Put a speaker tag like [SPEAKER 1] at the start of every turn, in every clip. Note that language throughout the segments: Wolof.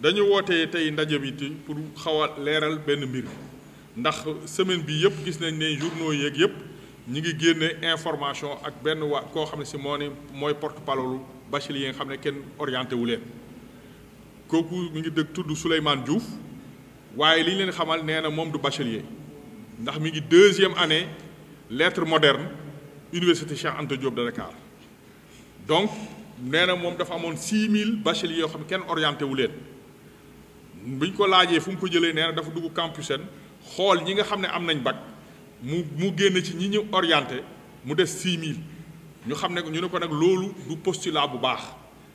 [SPEAKER 1] dañu wootee tey ndaje bi pour xawa a ben mbir ndax semaine bi yëpp gis nañ ne journaux yeeg yëpp ñi ngi génne information ak benn waa koo xam ne si moo ne mooy porte-parole bachelier yi nga xam ne kenn orienté wu leen kooku mi ngi dëgg tudd Souleymane Diouf waaye li ñu leen xamal nee na moom du bachelier ndax mi ngi deuxième année lettres modernes université Cheikh Anta Diop de Dakar donc nee na moom dafa amoon 6000 bacheliers yoo xam ne kenn orienté wu leen. biñ ko laajee fu mu ko jëlee nee na dafa dugg Campusen xool ñi nga xam ne am nañ bac mu mu génn ci ñi ñu orienté mu des 6000 ñu xam ne ñu ne ko nag loolu du postulat bu baax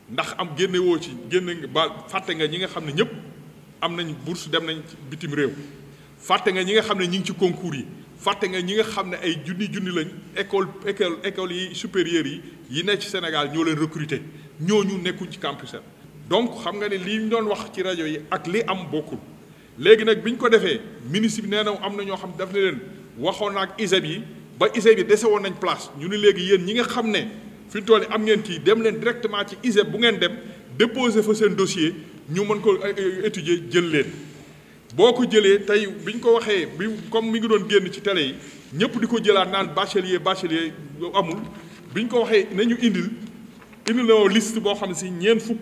[SPEAKER 1] ndax am génnewoo woo ci génne ba fàtte nga ñi nga xam ne ñëpp am nañu bourse dem nañ ci bitim réew fàtte nga ñi nga xam ne ñi ngi ci concours yi fàtte nga ñi nga xam ne ay junni junni lañ école école école yi supérieures yi yi nekk ci Sénégal ñoo leen recruter ñu nekkuñ ci Campusen donc xam nga ne lii ñu doon wax ci rajo yi ak li am bokkul léegi nag bi ñu ko defee ministre bi nee na am na ñoo xam daf ne leen waxoon na ak ISEP yi ba ISEP yi dese woon nañ place ñu ne léegi yéen ñi nga xam ne fi mu toll am ngeen kii dem leen directement ci ISEP bu ngeen dem déposer fa seen dossier ñu mën ko étudier jël leen. boo ko jëlee tey bi ñu ko waxee bi comme mu ngi doon génn ci tele yi ñëpp di ko jëlaat naan bachelier bachelier amul bi ñu ko waxee nañu indil indil na liste boo xam si ñeent fukk.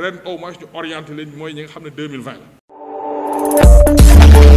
[SPEAKER 1] ren au moins ñu orienté leen mooy ñi nga xam ne 2020 la